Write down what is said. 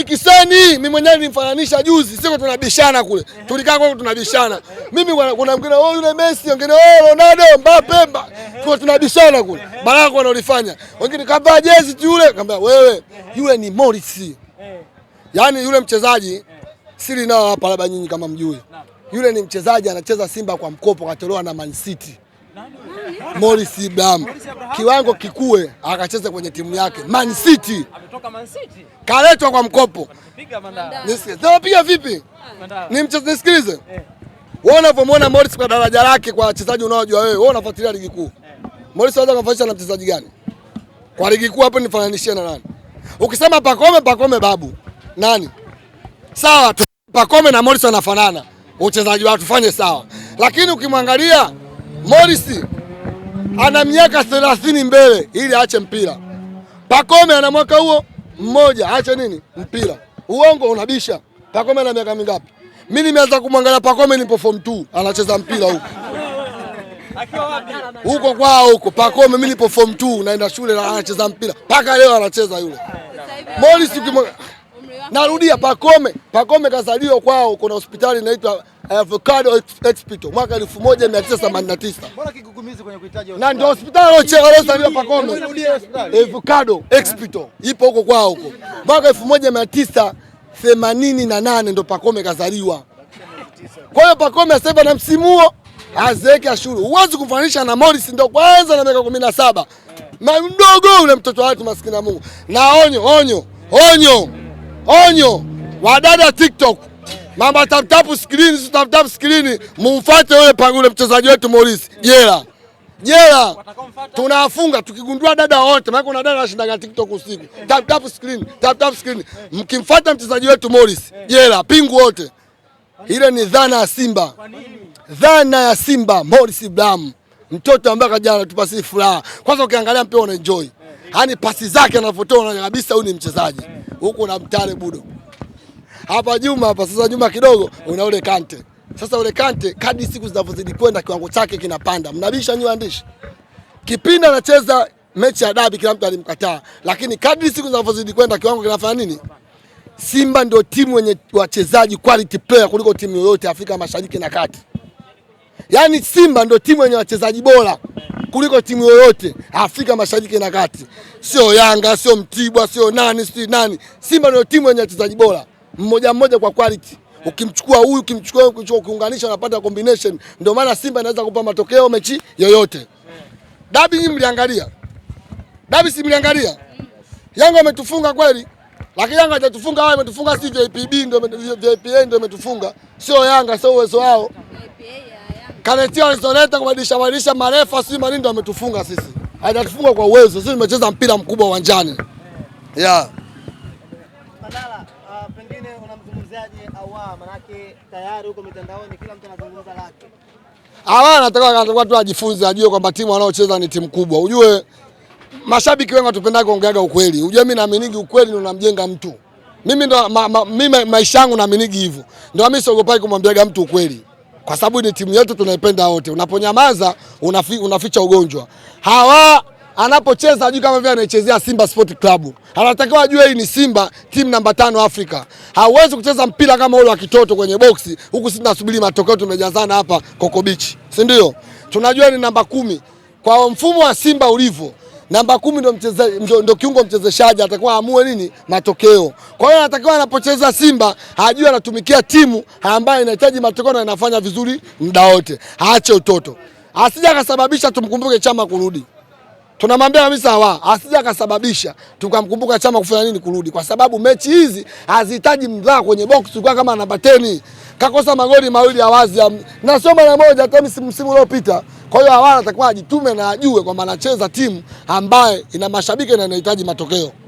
mimi Kisani, mimi mwenyewe nilimfananisha juzi, siko tunabishana kule, tulikaa kwa tunabishana, mimi kuna mwingine wao oh, yule Messi, wengine wao oh, Ronaldo, Mbappe, mba. kwa tunabishana kule, baraka wanaolifanya wengine, kavaa jezi tu yule, kaambia wewe, yule ni Morris, yaani yule mchezaji siri nao hapa, labda nyinyi kama mjui, yule ni mchezaji anacheza Simba kwa mkopo, katolewa na Man City. Morris Abraham kiwango kikue, akacheza kwenye timu yake Man City, Ametoka Man City. kaletwa kwa mkopo. Napiga vipi? Ni mchezo Nisikilize eh. wewe unavyomwona Morris kwa daraja lake, kwa wachezaji unaojua wewe, wewe unafuatilia ligi kuu, eh. Morris anaweza kumfananisha na mchezaji gani kwa ligi kuu? Hapo nifananishie na nani? Ukisema Pakome, Pakome babu nani? Sawa tu, Pakome na Morris wanafanana Wachezaji wao, tufanye sawa, lakini ukimwangalia Morris Mm. ana miaka thelathini mbele ili aache mpira. Pakome ana mwaka huo mmoja, aache nini mpira? Uongo unabisha. Pakome ana miaka mingapi? Mimi nimeanza kumwangalia Pakome nipo form 2 anacheza mpira huko huko kwao huko. Pakome mimi nipo form 2 naenda shule na anacheza mpira mpaka leo anacheza yule Morris. Narudia, Pakome Pakome kazaliwa kwao, kuna hospitali inaitwa Avocado Hospital mwaka 1989 na ndio hospitali iliyochelewesha bila Pacome. Avocado Hospital ipo huko kwao huko, mwaka 1988 ndo Pacome kazaliwa. Kwa hiyo Pacome sasa hivi na msimu huo azeweke ashuru, huwezi kufanisha na Morris, ndo kwanza na miaka 17 na mdogo ule mtoto watu, maskini ya Mungu. Na onyo onyo onyo onyo, wadada TikTok mama tap tap screen, si tap tap screen, mumfuate yule pangule mchezaji wetu Morris jela jela, tunafunga tukigundua dada wote, maana kuna dada anashindaga TikTok usiku, tap tap screen, tap tap screen, mkimfuata mchezaji wetu Morris jela, pingu wote. Ile ni dhana ya Simba, dhana ya Simba. Morris Ibrahim mtoto ambaye kaja anatupasi furaha. Kwanza ukiangalia mpira enjoy yani pasi zake anavyotoa unaona kabisa huyu ni mchezaji huko na mtare budo hapa Juma hapa sasa, Juma kidogo una ule Kante sasa. Ule Kante kadri siku zinavyozidi kwenda kiwango chake kinapanda. Mnabisha nyinyi waandishi, kipindi anacheza mechi ya dabi kila mtu alimkataa, lakini kadri siku zinavyozidi kwenda kiwango kinafanya nini? Simba ndio timu yenye wachezaji quality player kuliko timu yoyote Afrika Mashariki na Kati. Yaani Simba ndio timu yenye wachezaji bora kuliko timu yoyote Afrika Mashariki na Kati, sio Yanga, sio Mtibwa, sio nani, sio nani. Simba ndio timu yenye wachezaji bora mmoja mmoja kwa quality eh. ukimchukua huyu ukimchukua huyu ukichukua ukiunganisha unapata combination. Ndio maana Simba inaweza kupa matokeo mechi yoyote. Eh. Dabi hii mliangalia, dabi si mliangalia? Yanga ametufunga kweli, lakini Yanga hajatufunga wao, ametufunga si JPB, ndio JPA ndio ametufunga. sio Yanga, sio uwezo wao. Kaletia alizoleta kubadilisha badilisha marefa si manini, ametufunga sisi, hajatufunga kwa uwezo. Sisi tumecheza mpira mkubwa uwanjani, yeah. manake tayari huko mitandaoni kila mtu anazungumza lake. Hawa ah, anataka watu ajifunze, ajue kwamba timu wanaocheza ni timu kubwa. Ujue mashabiki wengi watupendaka kuongeaga ukweli. Ujue mimi naaminigi ukweli ndio unamjenga mtu. Mimi ndo ma, ma, mimi maisha yangu naaminigi hivyo. Ndio mimi siogopai kumwambiaga mtu ukweli. Kwa sababu ni timu yetu tunaipenda wote. Unaponyamaza unafi, unaficha ugonjwa. Hawa anapocheza ajui kama vile anaichezea Simba Sport Club. Anatakiwa ajue hii ni Simba timu namba tano Afrika. Hauwezi kucheza mpira kama ule wa kitoto kwenye boksi huku sisi tunasubiri matokeo, tumejazana hapa Coco Beach, si ndio? Tunajua ni namba kumi kwa mfumo wa Simba ulivyo namba kumi ndo, ndo, ndo kiungo mchezeshaji atakuwa amue nini matokeo. Kwa hiyo anatakiwa anapocheza Simba hajui anatumikia timu ambayo inahitaji matokeo na inafanya vizuri muda wote, aache utoto, asija akasababisha tumkumbuke Chama kurudi tunamwambia kabisa wa asija akasababisha tukamkumbuka Chama kufanya nini kurudi, kwa sababu mechi hizi hazihitaji mdhaa kwenye box. Tulikuwa kama namba 10 kakosa magoli mawili ya wazi na sio mara moja, hata msimu uliopita. Kwa hiyo hawana atakuwa ajitume na ajue kwamba anacheza timu ambaye ina mashabiki na inahitaji matokeo.